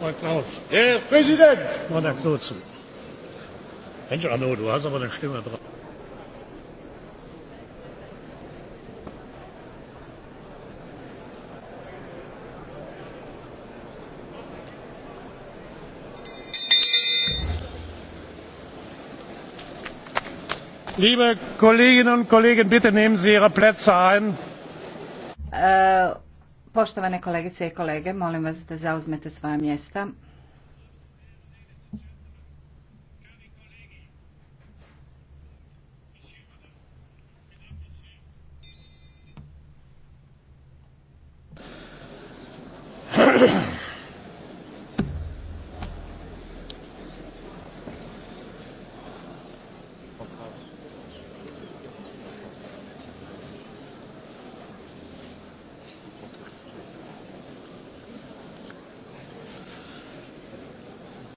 Herr Klaus. Herr Präsident! Und Herr Knudsen. Mensch, Arno, du hast aber eine Stimme drauf. Liebe Kolleginnen und Kollegen, bitte nehmen Sie Ihre Plätze ein. Äh, Poštovane kolegice i kolege, molim vas da zauzmete svoja mjesta.